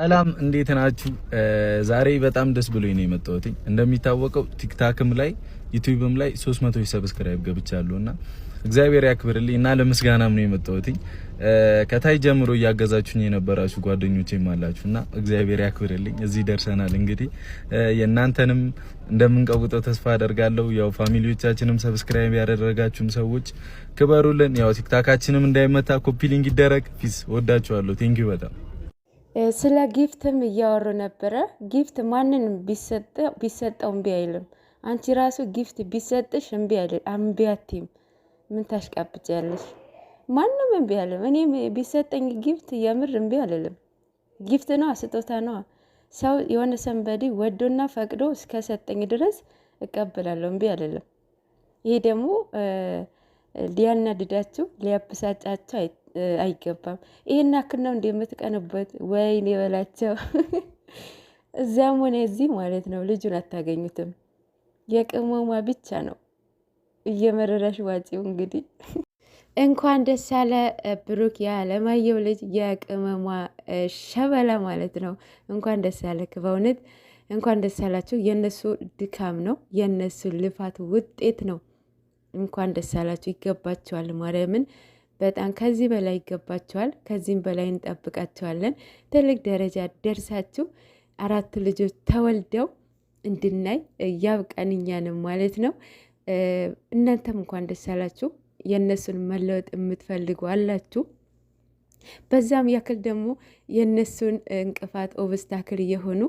ሰላም እንዴት ናችሁ? ዛሬ በጣም ደስ ብሎኝ ነው የመጣሁት። እንደሚታወቀው ቲክታክም ላይ ዩቲዩብም ላይ 300 ሰብስክራይብ ገብቻለሁና እግዚአብሔር ያክብርልኝ እና ለምስጋናም ነው የመጣሁት። ከታይ ጀምሮ እያገዛችሁኝ የነበራችሁ ጓደኞቼም አላችሁና እግዚአብሔር ያክብርልኝ። እዚህ ደርሰናል። እንግዲህ የእናንተንም እንደምንቀውጠው ተስፋ አደርጋለሁ። ያው ፋሚሊዎቻችንም ሰብስክራይብ ያደረጋችሁም ሰዎች ክበሩልን። ያው ቲክታካችንም እንዳይመታ ኮፒ ሊንክ ይደረግ። ፒስ። ወዳችኋለሁ። ቴንኪዩ በጣም ስለ ጊፍትም እያወሩ ነበረ። ጊፍት ማንንም ቢሰጠው እምቢ አይልም። አንቺ ራሱ ጊፍት ቢሰጥሽ እምቢ አይልም። አምቢያቲም ምን ታሽቃብጫለሽ? ማንም እምቢ አይልም። እኔ ቢሰጠኝ ጊፍት የምር እምቢ አይልም። ጊፍት ነዋ፣ ስጦታ ነዋ። ሰው የሆነ ሰንበዲ ወዶና ፈቅዶ እስከሰጠኝ ድረስ እቀበላለሁ፣ እምቢ አይልም። ይሄ ደግሞ ሊያናድዳችሁ አይ አይገባም። ይሄን ያክል ነው እንደምትቀንበት ወይኔ የበላቸው እዚያም ሆነ እዚህ ማለት ነው ልጁን አታገኙትም። የቅመሟ ብቻ ነው እየመረረሽ ዋጪው። እንግዲህ እንኳን ደስ ያለ ብሩክ፣ የአለማየሁ ልጅ የቅመሟ ሸበላ ማለት ነው። እንኳን ደስ ያለ በእውነት እንኳን ደስ ያላችሁ። የእነሱ ድካም ነው የእነሱ ልፋት ውጤት ነው። እንኳን ደስ ያላችሁ፣ ይገባችኋል ማርያምን በጣም ከዚህ በላይ ይገባችኋል። ከዚህም በላይ እንጠብቃቸዋለን። ትልቅ ደረጃ ደርሳችሁ አራት ልጆች ተወልደው እንድናይ ያብቀን እኛንም ማለት ነው። እናንተም እንኳን ደስ አላችሁ። የእነሱን መለወጥ የምትፈልጉ አላችሁ። በዛም ያክል ደግሞ የእነሱን እንቅፋት ኦብስታክል የሆኑ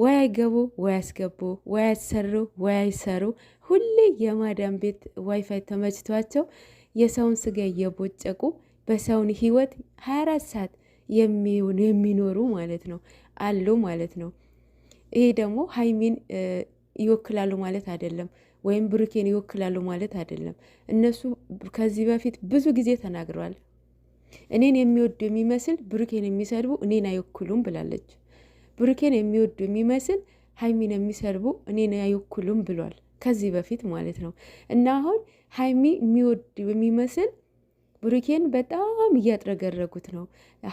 ወይ አይገቡ ወይ አስገቡ ወይ አይሰሩ ወይ አይሰሩ ሁሌ የማዳም ቤት ዋይፋይ ተመችቷቸው የሰውን ስጋ እየቦጨቁ በሰውን ህይወት 24 ሰዓት የሚኖሩ ማለት ነው አሉ ማለት ነው። ይሄ ደግሞ ሀይሚን ይወክላሉ ማለት አይደለም፣ ወይም ብሩኬን ይወክላሉ ማለት አይደለም። እነሱ ከዚህ በፊት ብዙ ጊዜ ተናግረዋል። እኔን የሚወዱ የሚመስል ብሩኬን የሚሰድቡ እኔን አይወክሉም ብላለች። ብሩኬን የሚወዱ የሚመስል ሀይሚን የሚሰድቡ እኔን አይወክሉም ብሏል። ከዚህ በፊት ማለት ነው። እና አሁን ሀይሚ የሚወድ የሚመስል ብሩኬን በጣም እያጥረገረጉት ነው።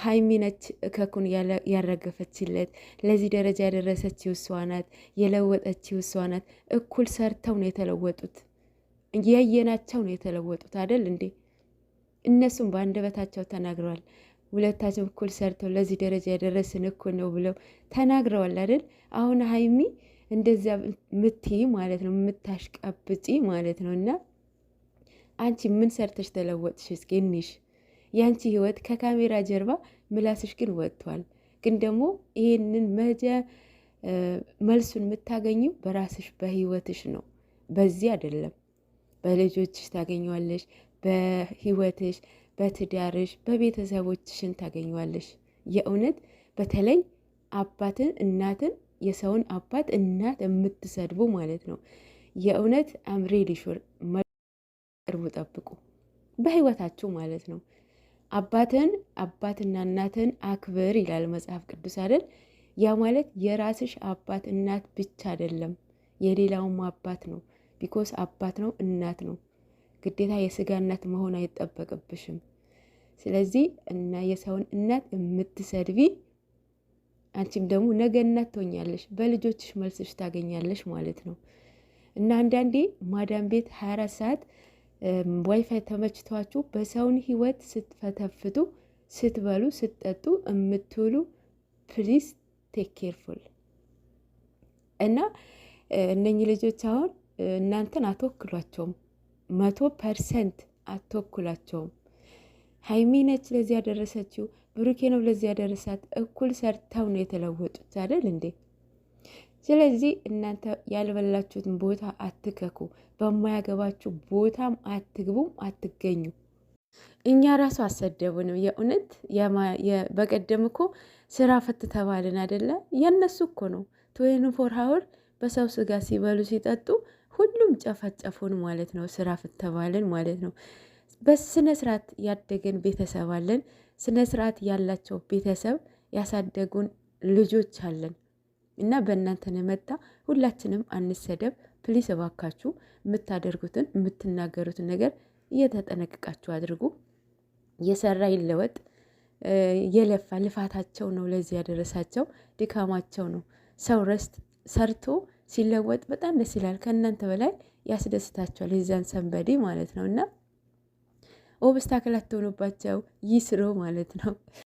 ሀይሚ ነች እከኩን ያረገፈችለት ለዚህ ደረጃ ያደረሰችው እሷ ናት፣ የለወጠችው እሷ ናት። እኩል ሰርተው ነው የተለወጡት፣ እያየናቸው ነው የተለወጡት አደል እንዴ? እነሱም በአንደበታቸው ተናግረዋል። ሁለታችን እኩል ሰርተው ለዚህ ደረጃ ያደረስን እኩል ነው ብለው ተናግረዋል አደል። አሁን ሀይሚ እንደዚያ ምትይ ማለት ነው የምታሽቀብጪ ማለት ነው። እና አንቺ ምን ሰርተሽ ተለወጥሽ? እስኪ እንሽ የአንቺ ህይወት ከካሜራ ጀርባ ምላስሽ ግን ወጥቷል። ግን ደግሞ ይሄንን መጀ መልሱን የምታገኘው በራስሽ በህይወትሽ ነው። በዚህ አይደለም። በልጆችሽ ታገኘዋለሽ፣ በህይወትሽ፣ በትዳርሽ፣ በቤተሰቦችሽን ታገኘዋለሽ። የእውነት በተለይ አባትን እናትን የሰውን አባት እናት የምትሰድቡ ማለት ነው። የእውነት አምሬ ሊሹር ቅርቡ ጠብቁ፣ በህይወታችሁ ማለት ነው። አባትን አባትና እናትን አክብር ይላል መጽሐፍ ቅዱስ አይደል? ያ ማለት የራስሽ አባት እናት ብቻ አይደለም፣ የሌላውም አባት ነው። ቢኮስ አባት ነው፣ እናት ነው። ግዴታ የስጋ እናት መሆን አይጠበቅብሽም። ስለዚህ እና የሰውን እናት የምትሰድቢ አንቺም ደግሞ ነገ እናት ትሆኛለሽ፣ በልጆችሽ መልስሽ ታገኛለሽ ማለት ነው። እና አንዳንዴ ማዳም ቤት 24 ሰዓት ዋይፋይ ተመችቷችሁ በሰውን ህይወት ስትፈተፍቱ፣ ስትበሉ፣ ስትጠጡ የምትውሉ ፕሊስ ቴክ ኬርፉል እና እነኚህ ልጆች አሁን እናንተን አትወክሏቸውም። መቶ ፐርሰንት አትወክሏቸውም። ሀይሚ ነች ለዚህ ያደረሰችው፣ ብሩኬ ነው ለዚህ ያደረሳት። እኩል ሰርተው ነው የተለወጡት አይደል እንዴ? ስለዚህ እናንተ ያልበላችሁትን ቦታ አትከኩ፣ በማያገባችሁ ቦታም አትግቡም፣ አትገኙ። እኛ ራሱ አሰደቡንም። የእውነት በቀደም እኮ ስራ ፈት ተባልን አደለ? የእነሱ እኮ ነው ትዌን ፎር ሀውር በሰው ስጋ ሲበሉ ሲጠጡ ሁሉም ጨፈጨፉን ማለት ነው። ስራ ፍት ተባልን ማለት ነው። በስነ ስርዓት ያደገን ቤተሰብ አለን። ስነ ስርዓት ያላቸው ቤተሰብ ያሳደጉን ልጆች አለን እና በእናንተ መጣ ሁላችንም አንሰደብ ፕሊስ፣ እባካችሁ የምታደርጉትን የምትናገሩትን ነገር እየተጠነቅቃችሁ አድርጉ። የሰራ ይለወጥ። የለፋ ልፋታቸው ነው ለዚህ ያደረሳቸው፣ ድካማቸው ነው። ሰው ረስት ሰርቶ ሲለወጥ በጣም ደስ ይላል። ከእናንተ በላይ ያስደስታቸዋል የዛን ሰንበዴ ማለት ነው እና ኦብስታክል አትሆኑባቸው ይስሩ ማለት ነው።